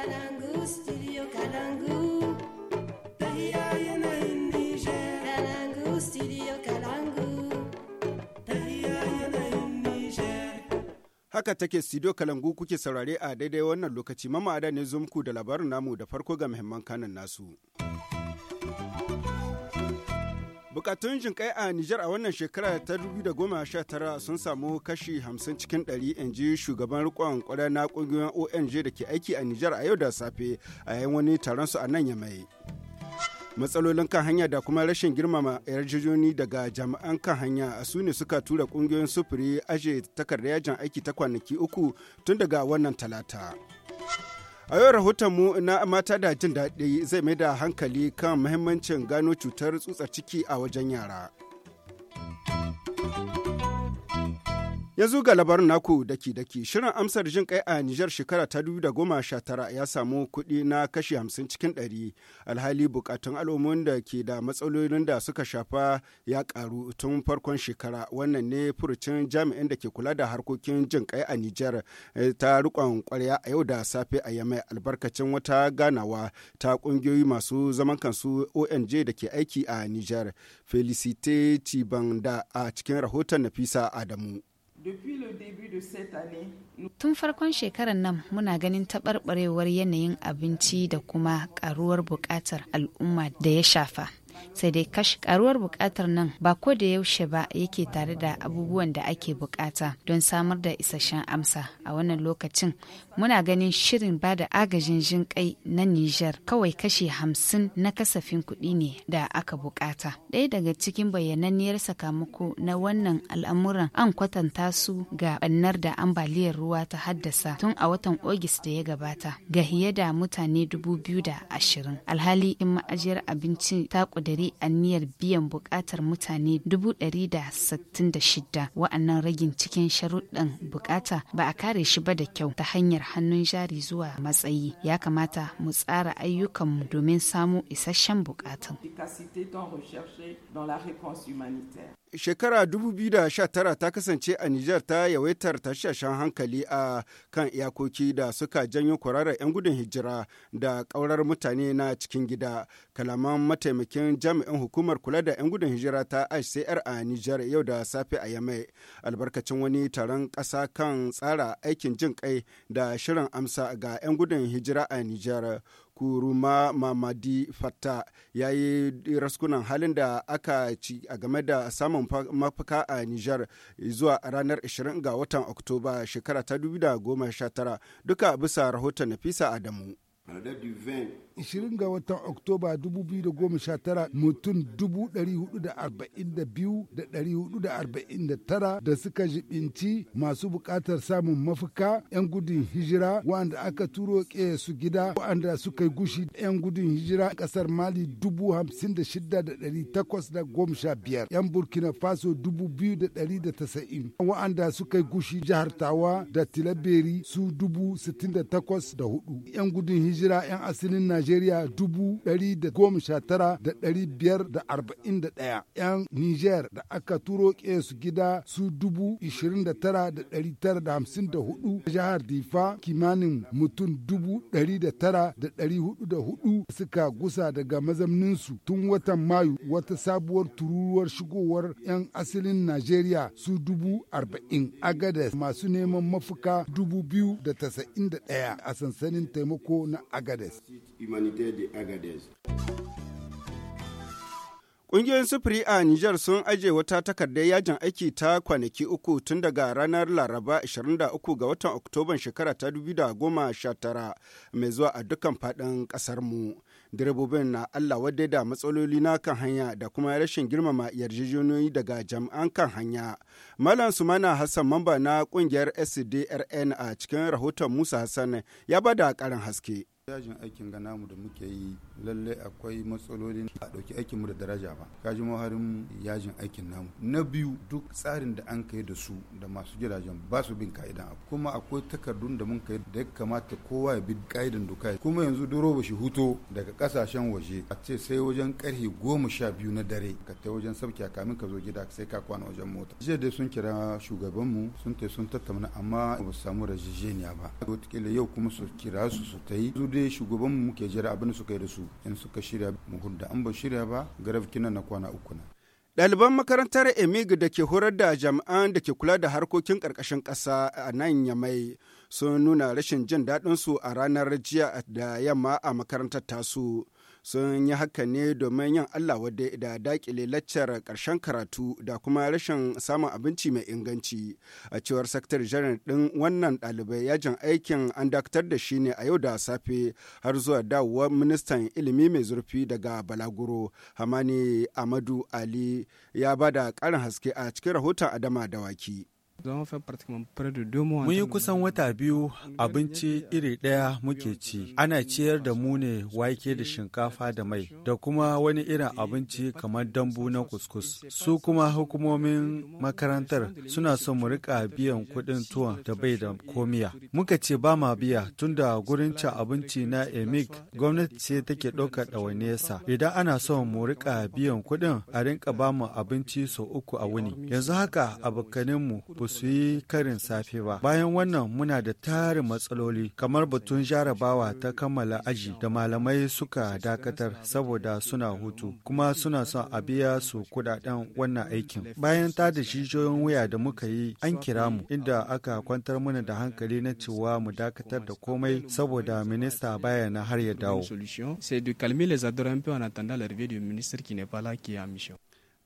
Kalangu, studio Kalangu. yanayin Kalangu, Haka take studio Kalangu kuke saurare a daidai wannan lokaci mamada ne zumku da labarin namu da farko ga muhimman kanan nasu. Bukatun kai a Nijar a wannan shekara ta 2019 sun samu kashi 50 cikin 100 in ji shugaban rikon kwarar na ƙungiyoyin ONG da ke aiki a Nijar a yau da safe a yayin wani taron su a nan ya mai. Matsalolin kan hanya da kuma rashin girmama yarjejoni daga jami'an kan hanya su ne suka tura kungiyoyin sufuri aje takardar yajin aiki ta kwanaki uku tun daga wannan talata. A yau mu na mata da jin daɗi zai mai da hankali kan muhimmancin gano cutar tsutsar ciki a wajen yara. Yanzu ga labarin naku daki-daki shirin amsar jin kai a Nijar shekara ta da goma sha tara ya samu kuɗi na kashi hamsin cikin ɗari alhali bukatun al'ummomin da ke da matsalolin da suka shafa ya karu tun farkon shekara wannan ne furucin jami'in da ke kula da harkokin jin kai a Nijar eh, ta rikon kwarya a yau da safe a yamma albarkacin wata ganawa ta kungiyoyi masu zaman kansu ONG da ke aiki a Nijar Felicite Cibanda a cikin rahoton Nafisa Adamu. Tun farkon shekarar nan muna ganin taɓarɓarewar yanayin abinci da kuma ƙaruwar buƙatar al'umma da ya shafa. sai dai kashi karuwar bukatar nan ba ko da yaushe ba yake tare da abubuwan da ake bukata don samar da isasshen amsa a wannan lokacin muna ganin shirin ba da agajin jin kai na Nijar kawai kashi hamsin na kasafin kuɗi ne da aka bukata. Ɗaya daga cikin bayyananniyar sakamako na wannan al'amuran an kwatanta su ga bannar da ambaliyar ruwa ta haddasa tun a watan Ogis da ya gabata ga fiye da mutane dubu biyu da ashirin. Alhali in ma'ajiyar abinci ta ƙudu a aniyar biyan buƙatar mutane 166 wa'annan ragin cikin sharuɗin buƙata ba a kare shi ba da kyau ta hanyar hannun jari zuwa matsayi ya kamata mu tsara ayyukanmu domin samu isasshen buƙatun. shekara 2019 ta kasance a Nijar ta yawaitar tashashen hankali a kan iyakoki da suka janyo kwararar 'yan gudun hijira da ƙaurar mutane na cikin gida. Kalaman mataimakin jami'in hukumar kula da 'yan gudun hijira ta HCR a Nijar yau da safe a Yamai. Albarkacin wani taron ƙasa kan tsara aikin jin kai da shirin amsa ga 'yan gudun hijira a Nijar. kuruma mamadi fata ya yi raskunan halin da aka ci a game da samun mafaka a nijar zuwa ranar 20 ga watan oktoba shekara ta 2019 duka bisa rahoton nafisa adamu 20 ga watan Oktoba 2019 mutum 442,449 da suka jibinci masu buƙatar samun mafuka 'yan gudun hijira waɗanda aka turo ƙeya su gida waɗanda suka yi gushi 'yan gudun hijira ƙasar Mali 56,815 'yan Burkina Faso 2,090 waɗanda suka yi gushi jihar Tawa da Tilaberi su 68,004 'yan gudun hijira hijira 'yan asalin Najeriya dubu da goma sha tara da biyar da arba'in da ɗaya. 'Yan niger da aka turo su gida su dubu ishirin da tara da tara da hamsin da hudu. Jihar Difa kimanin mutum dubu da tara da hudu da hudu suka gusa daga mazamninsu tun watan Mayu wata sabuwar tururuwar shigowar 'yan asalin Najeriya su dubu arba'in. Agades masu neman mafuka dubu biyu da tasa'in da ɗaya a sansanin taimako na Agades. Ƙungiyoyin sufuri a Nijar sun aje wata takardar yajin aiki ta kwanaki uku tun daga ranar Laraba 23 ga watan Oktoban shekara ta 2019 mai zuwa a dukkan faɗin mu Direbobin na Allah wadda da matsaloli na kan hanya da kuma rashin girmama yarjejeniyoyi daga jami'an kan hanya. Malam Sumana Hassan mamba na ƙungiyar SDRN a cikin rahoton Musa Hassan ya bada ƙarin haske. yajin aikin ga namu da muke yi lalle akwai matsalolin a ɗauki mu da daraja ba kaji harin yajin aikin namu na biyu duk tsarin da an kai da su da masu jiragen ba su bin ka'idan abu kuma akwai takardun da mun kai da ya kamata kowa ya bi ka'idan doka kuma yanzu duro ba shi huto daga kasashen waje a ce sai wajen karfe goma sha biyu na dare ka ta wajen sabki kamin ka zo gida sai ka kwana wajen mota jiya dai sun kira shugabanmu sun tai sun tattauna amma ba su samu rajijeniya ba wataƙila yau kuma su kira su su ta yi dai shugaban mu ke jira abin suka yi da su in suka shirya mu hudda an ba shirya ba garafkinan na kwana uku na Ɗaliban makarantar Emig da ke horar da jami'an da ke kula da harkokin ƙarƙashin ƙasa a nan Yamai sun nuna rashin jin daɗinsu a ranar jiya da yamma a makarantar tasu. sun yi haka ne domin yin Allah wadda da dakile laccar karshen karatu da kuma rashin samun abinci mai inganci. A cewar sakatar Janar din wannan ɗalibai yajin aikin an dakatar da shi ne a yau da safe har zuwa dawowar ministan ilimi mai zurfi daga Balaguro. Hamani Amadu Ali ya bada ƙarin haske a cikin rahoton Adama da Dawaki. Mun yi kusan wata biyu abinci iri ɗaya muke ci. Ana ciyar da mu ne wake da shinkafa da mai da kuma wani irin abinci kamar dambu na kuskus. Su kuma hukumomin makarantar suna son mu rika biyan kuɗin tuwon da bai da komiya. Muka ce ba ma biya tunda gurin ci abinci na EMIC gwamnati ce take ɗaukar yasa Idan ana son mu rika biyan kuɗin a rinka ba mu abinci sau uku a wuni. Yanzu haka abokaninmu mu su yi karin safe ba. Bayan wannan muna da tarin matsaloli kamar batun jarabawa ta kammala aji da malamai suka dakatar saboda suna hutu kuma suna son a biya su kudaden wannan aikin. Bayan ta da jijiyoyin wuya da muka yi an kira mu inda aka kwantar mana da hankali na cewa mu dakatar da komai saboda minista baya na har ya dawo.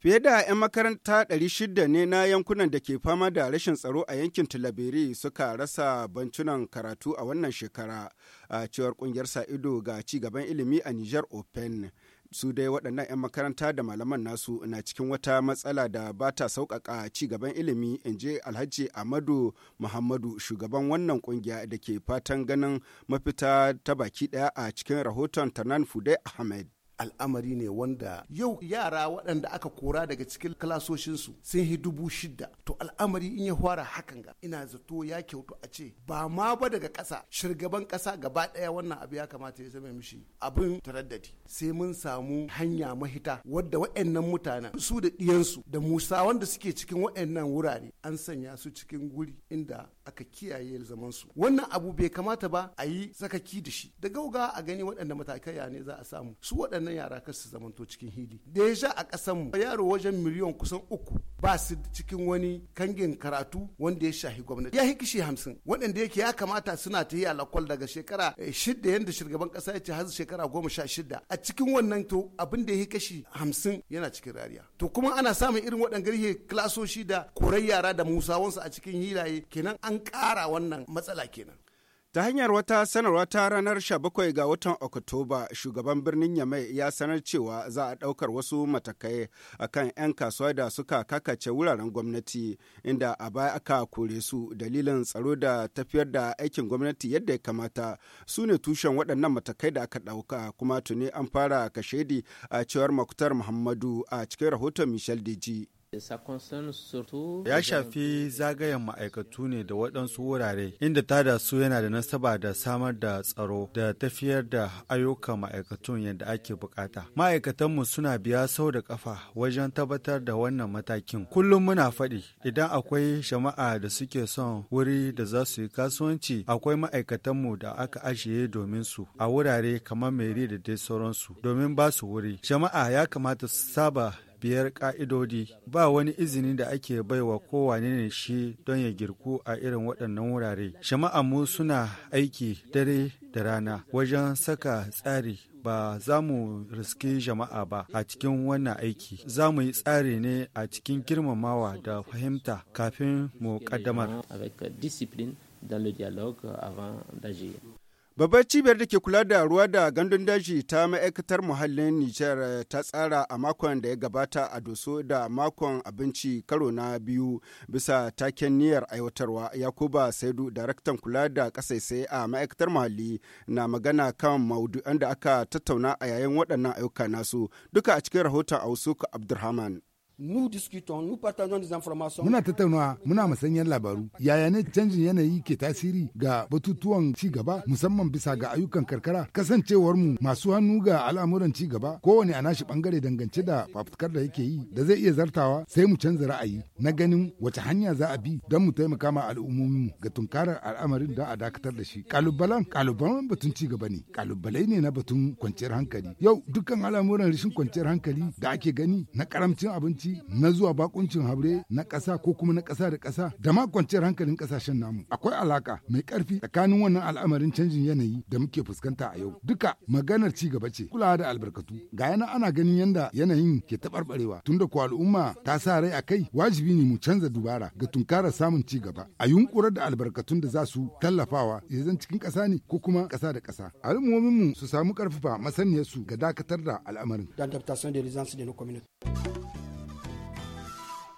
Fiye da 'yan makaranta 600 ne na yankunan da ke fama da rashin tsaro a yankin Tulaberi suka rasa bancunan karatu a wannan shekara a cewar kungiyar sa ido ga ci gaban ilimi a Niger Open. su dai waɗannan 'yan makaranta da malaman nasu na cikin wata matsala da ba ta sauƙaƙa ci gaban ilimi in je alhaji amadu muhammadu shugaban wannan ƙungiya da ke fatan ganin mafita ta baki ɗaya a cikin rahoton tanan fude ahmed al'amari ne wanda yau yara waɗanda aka kora daga cikin kalasoshinsu sun yi dubu shida to al'amari in ya fara hakan ga ina zato ya kyautu a ce ba ma ba daga ƙasa shugaban ƙasa gaba ɗaya wannan abu ya kamata ya zama mishi abin taraddadi sai mun samu hanya mahita wadda waɗannan mutanen su da ɗiyansu da musa wanda suke cikin waɗannan wurare an sanya su cikin guri inda aka kiyaye zamansu wannan abu bai kamata ba a yi sakaki da shi da gauga a gani waɗanda matakai ne za a samu su waɗannan yara kar su zamanto cikin hili da ya sha a mu yaro wajen miliyan kusan uku ba su cikin wani kangin karatu wanda ya shahi gwamnati ya yi kishi hamsin waɗanda yake ya kamata suna ta yi alakwal daga shekara eh, shidda yadda shugaban ƙasa ya ce har shekara goma sha shidda a cikin wannan to abin da ya yi kashi hamsin yana cikin rariya to kuma ana samun irin waɗanda kilasoshi da korai yara da musawansu a cikin hilaye kenan an an ƙara wannan matsala kenan. Ta hanyar wata sanarwa ta ranar 17 ga watan Oktoba, shugaban birnin Yamai ya sanar cewa za a ɗaukar wasu matakai a kan 'yan kasuwa da suka kakace wuraren gwamnati, inda a baya aka kore su dalilin tsaro da tafiyar da aikin gwamnati yadda ya kamata. Su ne tushen waɗannan matakai da aka ɗauka, kuma tuni an fara kashedi a cewar Makutar Muhammadu a cikin rahoton Michel Deji. Ya shafi zagayen ma'aikatu ne da waɗansu wurare, inda tada su yana da nasaba da samar da tsaro da tafiyar da ayyukan ma'aikatun yadda ake bukata. Ma'aikatanmu suna biya sau da kafa wajen tabbatar da wannan matakin. Kullum muna faɗi, idan akwai jama'a da suke son wuri da za su yi kasuwanci, akwai ma'aikatanmu da aka ajiye domin su a wurare kamar meri da dai sauransu domin ba su wuri. Jama'a ya kamata su saba biyar ƙa'idodi ba wani izini da ake baiwa kowane ne shi don ya girku a irin waɗannan wurare mu suna aiki dare da rana wajen saka tsari ba za mu riski jama'a ba a cikin wannan aiki za mu yi tsari ne a cikin girmamawa da fahimta kafin mu kaddamar Babbar cibiyar da ke kula da ruwa da gandun daji ta ma'aikatar muhallin Nijar eh, ta tsara a makon da ya gabata a doso da makon abinci karo na biyu bisa taken niyyar aiwatarwa. Yakuba Saidu, daraktan kula da kasaisai a ma'aikatar muhalli na magana kan maudu'an da aka tattauna a yayin waɗannan ayyuka nasu duka a cikin rahoton Ausuk Abdulrahman. nous discutons, nous partageons des informations. Muna tattaunawa, muna masanyar labaru. Yaya ne canjin yanayi ke tasiri ga batutuwan ci gaba musamman bisa ga ayyukan karkara? Kasancewar mu masu hannu ga al'amuran ci gaba, kowane a nashi bangare dangance da fafutukar da yake yi da zai iya zartawa sai mu canza ra'ayi na ganin wace hanya za a bi don mu taimaka ma al'ummomin ga tunkarar al'amarin da a dakatar da shi. Kalubalen kalubalen batun ci gaba ne, kalubalai ne na batun kwanciyar hankali. Yau dukkan al'amuran rashin kwanciyar hankali da ake gani na karamcin abinci kasuwanci na zuwa bakuncin haure na ƙasa ko kuma na ƙasa da ƙasa da ma kwanciyar hankalin ƙasashen namu akwai alaka mai ƙarfi tsakanin wannan al'amarin canjin yanayi da muke fuskanta a yau duka maganar ci gaba ce kulawa da albarkatu ga yana ana ganin yanda yanayin ke taɓarɓarewa tunda ko al'umma ta sa rai a kai wajibi ne mu canza dubara ga tunkarar samun ci gaba a yunkurar da albarkatun da za su tallafawa zan cikin ƙasa ne ko kuma ƙasa da ƙasa al'ummomin mu su samu ƙarfafa masaniyarsu ga dakatar da al'amarin.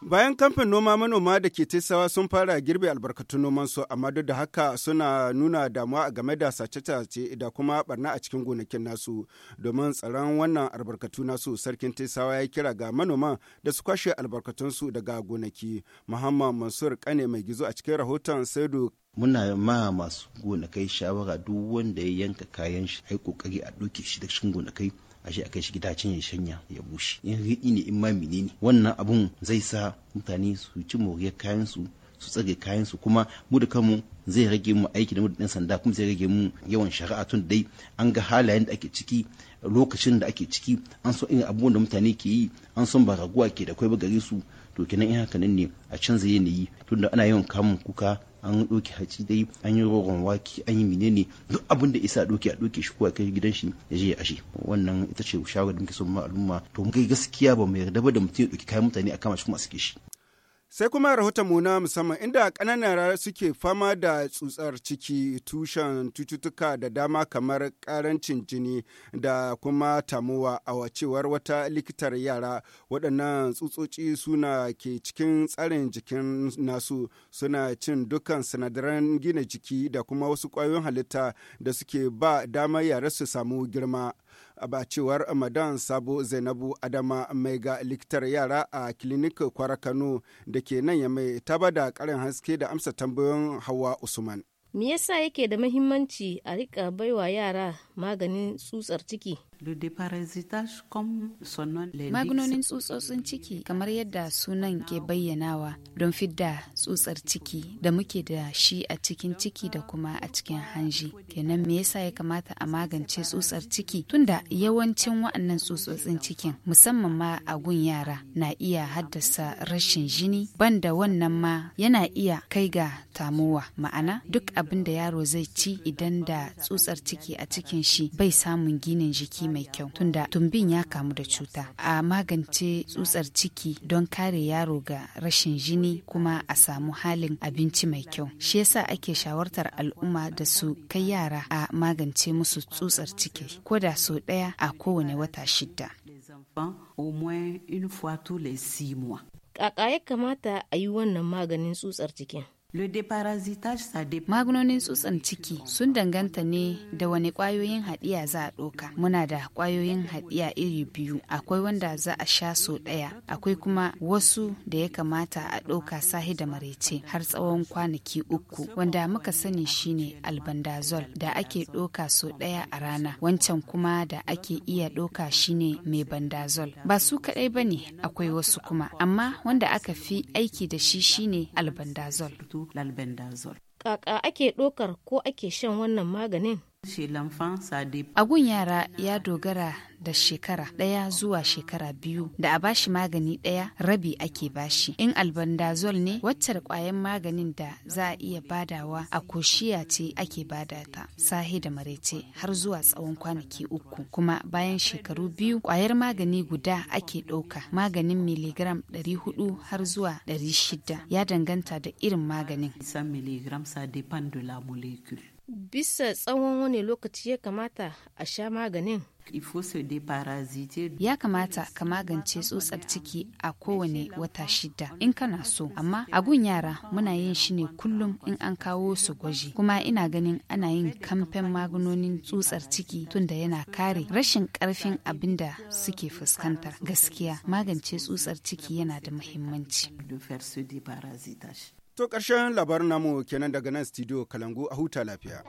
Bayan kamfen noma manoma da ke tesawa sun fara girbe albarkatun nomansu amma duk da haka suna nuna damuwa a game da sace-sace da kuma barna a cikin gonakin nasu domin tsaron wannan albarkatu nasu sarkin tesawa ya kira ga manoman da su kwashe albarkatunsu daga gonaki. Muhammad Mansur Kane mai gizo a cikin rahoton Saidu muna ma masu gonakai shawara duk wanda ya yanka kayan shi ai kokari a doke shi da cikin gonakai a shi a kai shi gidacen ya shanya ya bushe in riɗi ne in ma menene wannan abun zai sa mutane su ci moriyar kayansu su tsage kayansu kuma mu da kanmu zai rage mu aiki da mu da sanda kuma zai rage mu yawan shari'a tun dai an ga halayen da ake ciki lokacin da ake ciki an so irin abubuwan da mutane ke yi an san ba raguwa ke da kwai ba gare su to kenan in haka nan ne a canza yanayi tunda ana yawan kamun kuka an ɗauki haci dai an yi rogon waki an yi menene duk abin da isa ɗauki a ɗauke shi ko kai gidan shi ya je ya ashe wannan ita ce shawarar da muke son ma al'umma to mu kai gaskiya ba mu yarda ba da mutum ya ɗauki kayan mutane a kama shi kuma a sake shi Sai kuma rahoton mu na musamman inda ƙananan yara suke fama da tsutsar ciki tushen cututtuka da dama kamar ƙarancin jini da kuma tamuwa a wacewar wata likitar yara waɗannan tsutsotsi suna ke cikin tsarin jikin nasu suna cin dukkan sinadaran gina jiki da kuma wasu ƙwayoyin halitta da suke ba damar yara su samu girma. ba cewar madan sabo zainabu adama mai ga likitar yara a kilinik kwara kano da ke nan ya mai taba da karin haske da amsa tambayoyin hawa usman me yasa yake da mahimmanci a rika baiwa yara maganin tsutsar ciki Magunonin tsutsotsin ciki kamar yadda sunan ke bayyanawa don fidda tsutsar ciki da muke da shi a cikin ciki da kuma a cikin hanji. Kenan me yasa ya kamata a magance tsutsar ciki tunda yawancin wa'annan tsutsotsin cikin musamman ma a gun yara na iya haddasa rashin jini banda wannan ma yana iya kai ga tamowa ma'ana duk abin da yaro zai ci idan da tsutsar ciki a cikin shi bai samun ginin jiki mai kyau tunda tumbin ya kamu da cuta a magance tsutsar ciki don kare yaro ga rashin jini kuma a samu halin abinci mai kyau shi yasa ake shawartar al'umma da su kai yara a magance musu tsutsar ciki ko da sau ɗaya a kowane wata shida kaka ya kamata a yi wannan maganin tsutsar cikin Magunonin tsutsan ciki sun danganta ne da wani kwayoyin haɗiya za a ɗoka. Muna da kwayoyin haɗiya iri biyu, akwai wanda za a sha so ɗaya, akwai kuma wasu da ya kamata a ɗoka sahi da marece har tsawon kwanaki uku, wanda muka sani shine albandazol da ake ɗoka so ɗaya a rana, wancan kuma da ake iya ɗoka shine mai bandazol. Ba su kaɗai ba ne akwai wasu kuma, amma wanda aka fi aiki da shi shine albandazol. dazol Kaka ake ɗokar ko ake shan wannan maganin? Agun yara ya dogara da shekara ɗaya zuwa shekara biyu da a bashi magani ɗaya rabi ake bashi. In albandazol ne waccar kwayan maganin da za a iya badawa a koshiya ce ake bada ta sahi da marece har zuwa tsawon kwanaki uku. Kuma bayan shekaru biyu kwayar magani guda ake ɗauka maganin miligram ɗari hudu har zuwa ɗari shida ya danganta da irin maganin. bisa tsawon wani lokaci ya kamata a sha maganin ya kamata ka magance tsutsar ciki a kowane wata shida in kana so amma agun yara muna yin shi ne kullum in an kawo su gwaji kuma ina ganin ana yin kamfen maganonin tsutsar ciki tun da yana kare rashin karfin abin da suke fuskanta gaskiya magance tsutsar ciki yana da muhimmanci To ƙarshen labarin namu kenan daga nan studio Kalangu a huta lafiya.